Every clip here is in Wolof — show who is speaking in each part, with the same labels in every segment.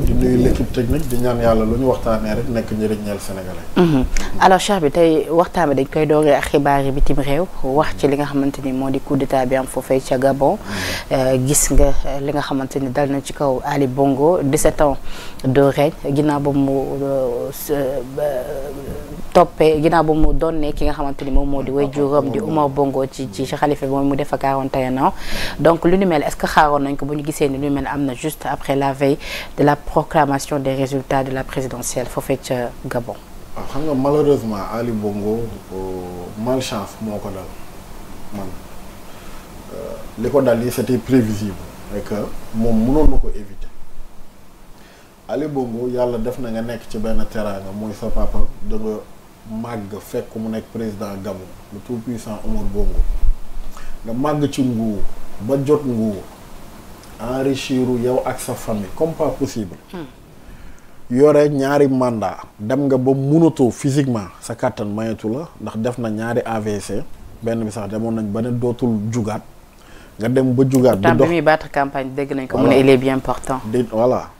Speaker 1: bi di nuyu l'équipe technique di ñaan yàlla lu ñu waxtaanee rek nekk njëriñ ñeel sénégalais.
Speaker 2: Mhm. alors Cheikh bi tey waxtaan bi dañ koy dooree ak xibaar yi bitim réew wax ci li nga xamante ni moo di coup d'état bi am foofee ca mhm. euh, nga euh, li nga ni dal na ci kaw Ali Bongo 17 ans de règne ginnaaw ba euh, ba mu donnee ki nga xamante ni moom moo di way juróom di Oumar Bongo ci ci xalifa bi mu def ak 41 ans donc lu ni mel est-ce que xaaroon nañ ko bu ñu gisee ni lu mel am na juste après la veille de la proclamation des résultats de la présidentielle foofee ca Gabon.
Speaker 1: waaw xam nga malheureusement Ali Bongo malchance moo ko dal man euh, li ko dal yi c'était prévisible et moom mënoon na ko éviter Ali Bongo yàlla def na nga nekk ci benn teraanga mooy sa papa da nga màgg fekk mu nekk président Gabon le tout puissant Omar Bongo nga màgg ci nguur ba jot nguur enrichiru yow ak sa famille comme pas possible. Hmm. yore ñaari mandat dem nga ba munatoo physiquement sa kàttan mayatu la ndax def na ñaari AVC benn bi sax demoon nañ ba ne dootul jugaat nga dem ba jugaat. di dox
Speaker 2: bi muy campagne dégg nañ ko. mu ne il est
Speaker 1: bien important. di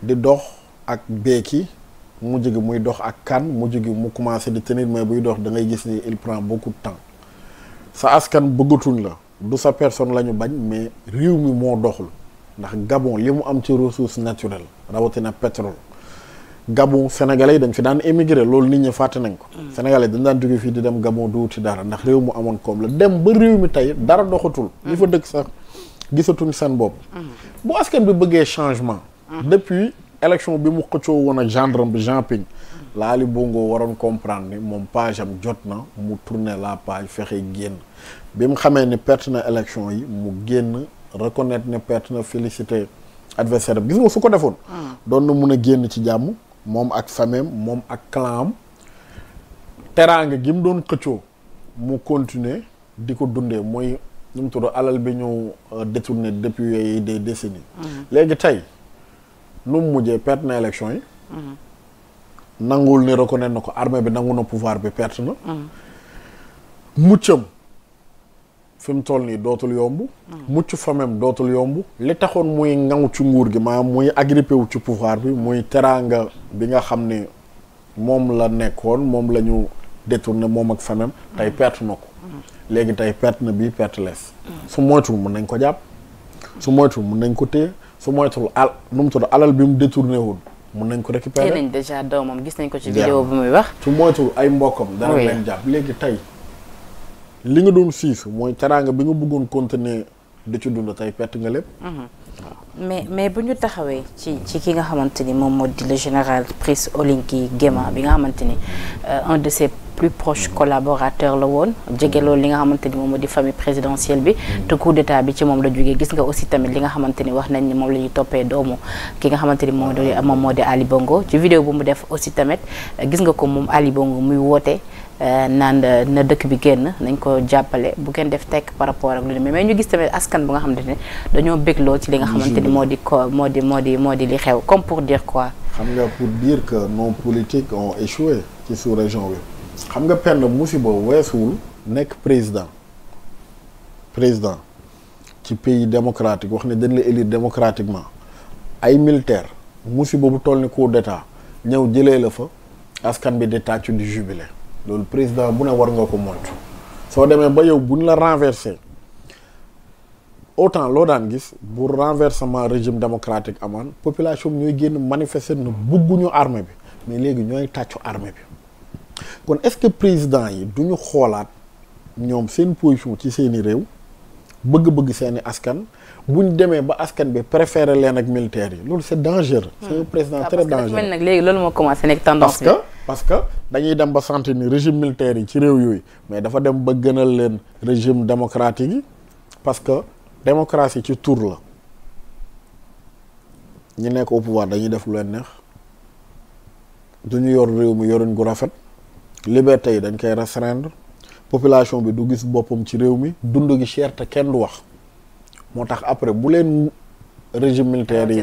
Speaker 1: di dox ak beeki mu gi muy dox ak kan mu gi mu commencé di tenir mais buy dox dangay gis ni il prend beaucoup temps sa askan bëggatuñ la du sa personne la ñu bañ mais réew mi moo doxul. ndax Gabon li mu am ci ressource naturelle rawatina pétrole Gabon sénégalais yi dañ fi daan émigré loolu nit ñi fàtte nañ ko. Mm. sénégalais dañ daan jóge fii di dem Gabon du wuti dara ndax réew mu amoon koom la dem ba réew mi tey dara doxatul. li mm. fa dëkk sax gisatuñ seen bopp. Mm. bu askan bi bëggee changement. depuis élection bi mu xëccoo woon ak gendarme bi Jean Ping. Laali waroon comprendre ni moom page am jot na mu tourner la page fexe génn bi mu xamee ni perte na yi mu génn. reconnaître ne perte na félicité adversaire am gis nga su ko defoon. Hmm. doon na mun a génn ci jàmm moom ak famem moom ak clan am teraanga gi mu doon xëccoo mu continuer di ko dundee mooy nu mu tudd alal bi ñu euh, détourné yi des décennies. Hmm. léegi tey nu mu mujjee perte na élection yi. Hmm. nanguwul ni reconnaître na ko armée bi nangu na pouvoir bi perte na. muccam fi mu toll nii dootul yomb. mucc famem dootul yomb. li taxoon muy ŋaw ci nguur gi maanaam muy agrippé wu ci pouvoir bi muy teraanga bi nga xam ni moom la nekkoon moom lañu ñu moom ak famem tey pert na ko. léegi tey perte na bii perte lees. su moytul mun nañ ko jàpp. su moytul mun nañ ko téye su moytul al nu mu tudd alal bi mu détourné woon. mun nañ ko récupérer tey nañ
Speaker 2: déjà doomam gis nañ ko ci. vidéo
Speaker 1: bi muy wax su moytul ay mbokkam. dara leen jàpp léegi tey. li nga doon siis mooy teraanga bi nga bëggoon continuer da ci dund tey perte nga lépp.
Speaker 2: Mhm. mais mais bu ñu taxawee
Speaker 1: ci ci ki nga xamante ni
Speaker 2: moom moo di le général Brice Oligui Nguema bi nga xamante ni euh, un de ses plus proches collaborateur la woon jege loolu li nga xamante ni moom moo di famille présidentielle bi mhm. te coup d'état bi ci moom la jugee gis nga aussi tamit li nga xamante ni wax nañ ni moom la ñuy toppee doomu ki nga xamante ni moom moo di Ali Bongo ci vidéo mu def aussi tamit euh, gis nga ko moom Ali muy woote. Euh, naan euh, na dëkk bi génn nañ ko jàppale bu kenn def tekk par rapport ak lu ne mais ñu gis tamit askan bu nga xamante ne dañoo bégloo ci li nga xamante ni moo di ko moo di moo di moo di li xew comme pour dire
Speaker 1: quoi xam nga pour dire que nos politiques ont échoué ci sous xam nga penn musiba weesuwul nekk président président ci pays démocratique wax ne dañ la élire démocratiquement ay militaire musiba bu toll ni coup d'état ñëw jëlee la fa askan bi di tàccu di jubilé loolu président bu ne war nga ko moytu soo demee ba yow bu ñu la renversé autant loo daan gis bu renversement régime démocratique amaan population bi ñooy génn manifester na bugguñu armée bi mais léegi ñooy tàccu armée bi kon est-ce que président yi du ñu xoolaat ñoom seen position ci seeni réew bëgg-bëgg seeni askan bu ñu demee ba askan bi préféré leen ak militaires yi loolu c'est dangereux. c'est un hmm. président ah, très dangereux. parce que
Speaker 2: nag léegi loolu moo commencé nekk tendance bi.
Speaker 1: parce que dañuy dem ba sentir ni régime militaire yi ci réew yooyu mais dafa dem ba gënal leen régime démocratique yi parce que démocratie ci tur la ñu nekk au pouvoir dañuy def lu leen neex duñu yor réew mi yorin gu rafet liberté yi dañ koy restreindre population bi du gis boppam ci réew mi dund gi cher te kenn du wax moo tax après bu leen régime militaire yi.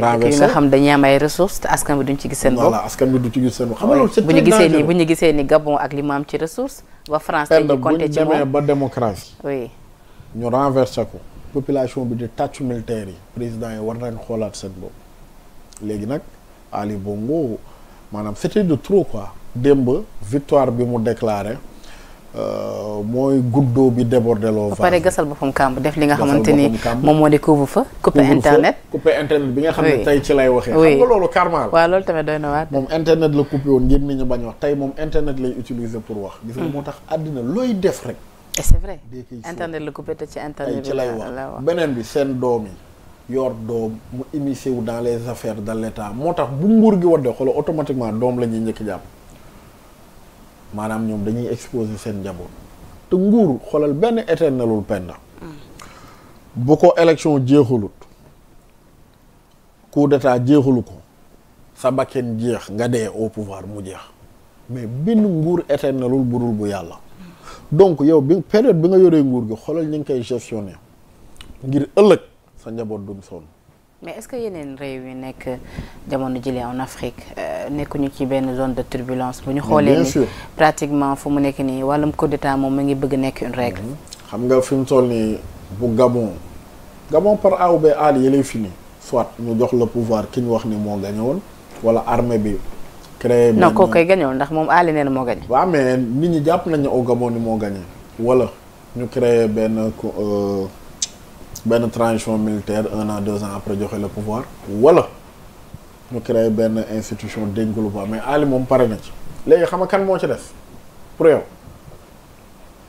Speaker 1: renversé yi nga xam dañuy am ay ressources te askan bi duñ ci ci gis seen bopp. bu
Speaker 2: ñu gisee ni Gabon ak li mu am ci ressource. ba France bu ñu demee ba
Speaker 1: démocratie. ñu renversé ko. population bi di tàccu militaire yi. président yi war nañ xoolaat seen bopp. léegi nag Ali Bongo maanaam c'était de trop quoi. démb victoire bi mu déclaré. Euh, mooy guddoo bi débordé loo. ba pare
Speaker 2: gasal boppam kàmb def li nga xamante ni moom moo
Speaker 1: di couvre-feu. coupé internet coupé internet bi nga xam ne tey ci lay waxee. xam nga loolu karma la. waaw loolu tamit doy na waat. moom internet la coupé woon wax tey moom internet lay utiliser pour wax. gis nga hmm. moo tax àddina looy def rek.
Speaker 2: et c'est vrai la coupé ci internet. ci lay wax
Speaker 1: beneen bi seen doom yi. yor doom mu wu dans les affaires de l'État moo tax bu nguur gi wadde xoolal automatiquement doom la njëkk jàpp. maanaam ñoom dañuy exposer seen njaboot te nguur xolal benn éternelul penda bu ko élection jeexulut coup d'état jeexulu ko sa bakken jeex nga dee au pouvoir mu jeex mais benn nguur éternelul budul bu yàlla donc yow bi période bi nga yoree nguur gi xoolal ñu ngi koy gestionné ngir ëllëg sa njaboot duñ sonn
Speaker 2: mais est-ce que yeneen réew yi nekk jamono jëlee en Afrique euh, nekkuñu ci benn zone de turbulence bu ñu xoolee ni pratiquement fu mu nekk nii wàllum coup d'état moom mu ngi bëgg nekk une règle mhm.
Speaker 1: xam nga fi mu toll nii bu Gabon Gabon par aw ou B àll yi lay fini soit ñu jox la pouvoir ki ñu wax ni moo gagné woon wala armée bi créé non kooku koy
Speaker 2: gagné woon ndax moom aali nee moo gagné
Speaker 1: waaw mais nit ñi jàpp nañu aw Gabon ni moo gagné wala ñu créé benn euh, benn transition militaire un an deux ans après joxe la pouvoir wala ñu créé benn institution dénkuwul mais Ali moom pare na ci. léegi xam nga kan moo ci def pour yow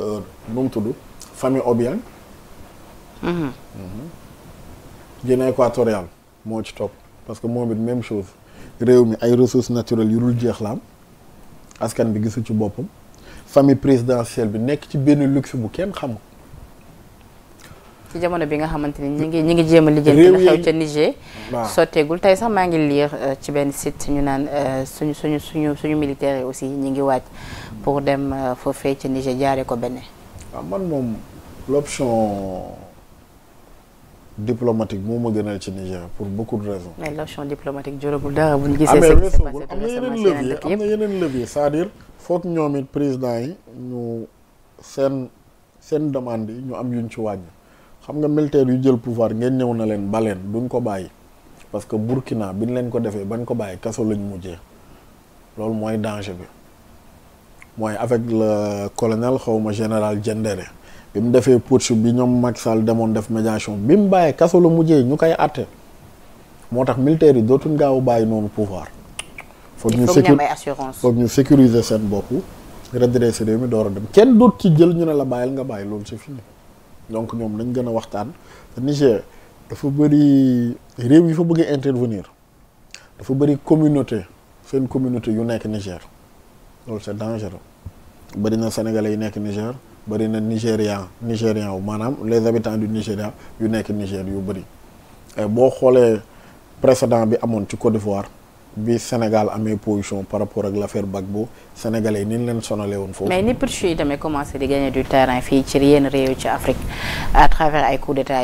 Speaker 1: euh, nu mu tudd famille Obiang. Mhm. Mhm. Guinée équatoriale moo ci topp parce que moom it même chose réew mi ay ressource naturelles yu dul jeex la askan bi gisu ci boppam famille présidentielle bi nekk ci benn luxe bu kenn xamul.
Speaker 2: ci jamono bi nga xamante ni ñi ngi ñi ngi jéem a lijjanti la xew sax maa ngi lire euh, ci benn site ñu naan euh, suñu suñu suñu suñu militaires yi aussi ñu ngi waaj pour dem euh, foofee ca Niger jaaree ko benn
Speaker 1: waaw man moom l'option diplomatique moo ma gënal ci Niger pour beaucoup de raisons. mais l'option diplomatique juragul dara bu ñu gisee. Ah, am na yeneen levier am na yeneen levier cest yi ñu seen seen demande yi ñu am yuñ ci wàññi. xam nga militaire yu jël pouvoir ngeen ñëw na leen baleen duñ ko bàyyi parce que Burkina bi nu leen ko defee bañ ko bàyyi kaso lañ mujjee loolu mooy danger bi mooy avec le colonel xawma général Diendéré bi mu defee putsch bi ñoom Macky Sall demoon def médiation bi mu bàyyee kaso la mujjee ñu koy àtte moo tax militaire yi dootuñ gaaw bàyyi noonu pouvoir foog ñu foog ñu sécuriser seen bopp redresser réew mi door a dem kenn doot ci jël ñu ne la bàyyil nga bàyyi loolu c'est fini donc ñoom nañ gën a waxtaan Niger dafa bëri réew yi fa bëggee intervenir dafa bëri communauté seen communauté yu nekk Niger loolu c'est dangereux bëri na sénégalais yi nekk Niger bëri na nigérian nigérian wu maanaam les habitants du Nigéria yu nekk Niger yu bëri boo xoolee précédent bi amoon ci Côte d'Ivoire bi Sénégal amee position par rapport ak l'affaire Gbagbo sénégalais yi ni ñu leen sonalee woon foofu. mais ni
Speaker 2: putsch yi tamit commencé di gagner du terrain fii ci yenn réew ci Afrique à travers ay coups d'État